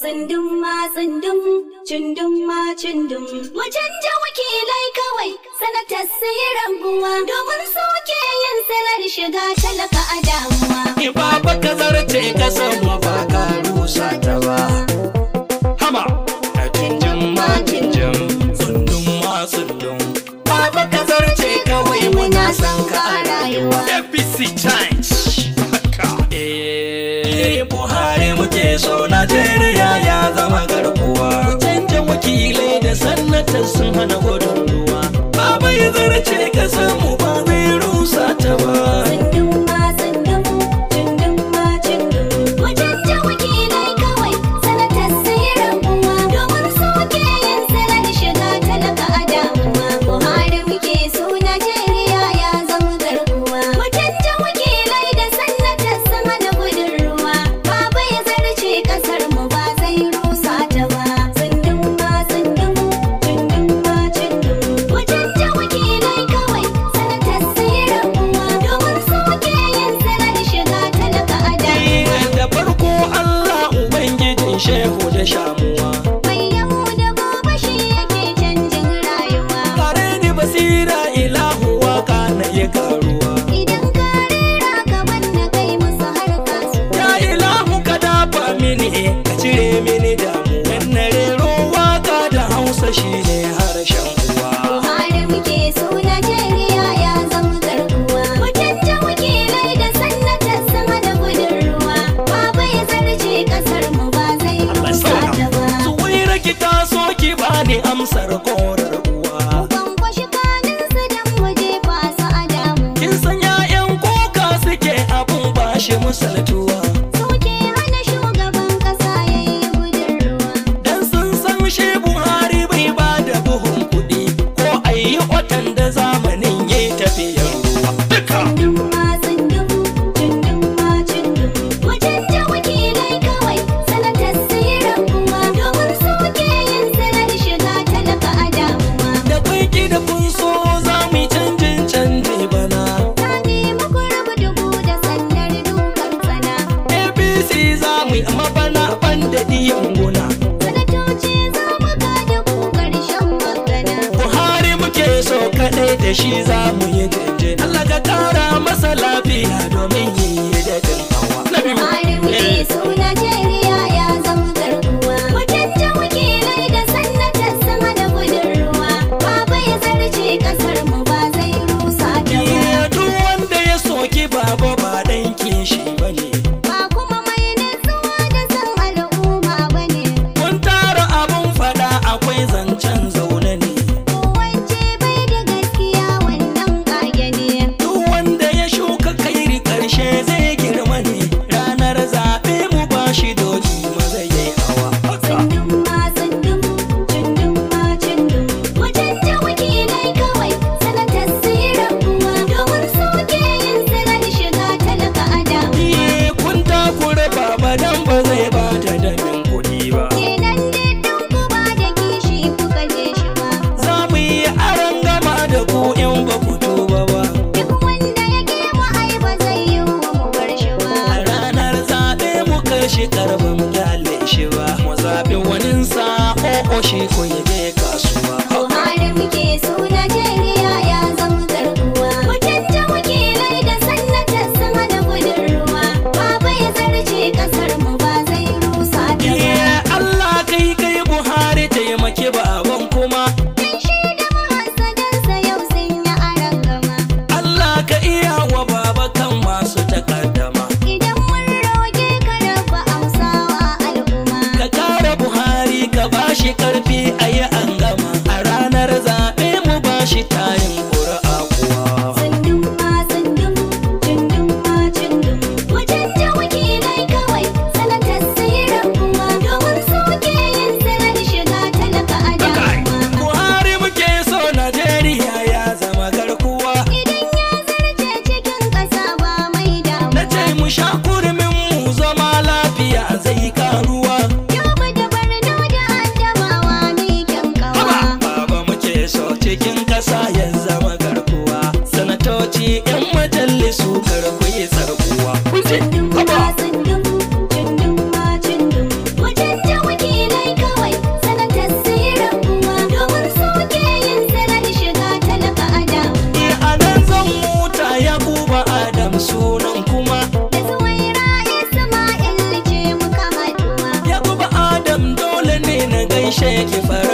Tsundum ma tsundum, cindum ma cindum. Mu canja wakilai kawai, sanatar sai rabuwa. Domin soke yin salar shiga talaka a damuwa. Ni ba ba ka zarce ka samu ba ka rusa ta ba. Hama, a cinjin ma cinjin, tsundum ma tsundum. Ba ka zarce kawai muna son ka a rayuwa. APC time. sun hana 一些火箭项 Vamos ser Corder. kaɗai da shi za mu yi jirje Allah ka ƙara masa lafiya domin yi da hawa Na biyu. shake you for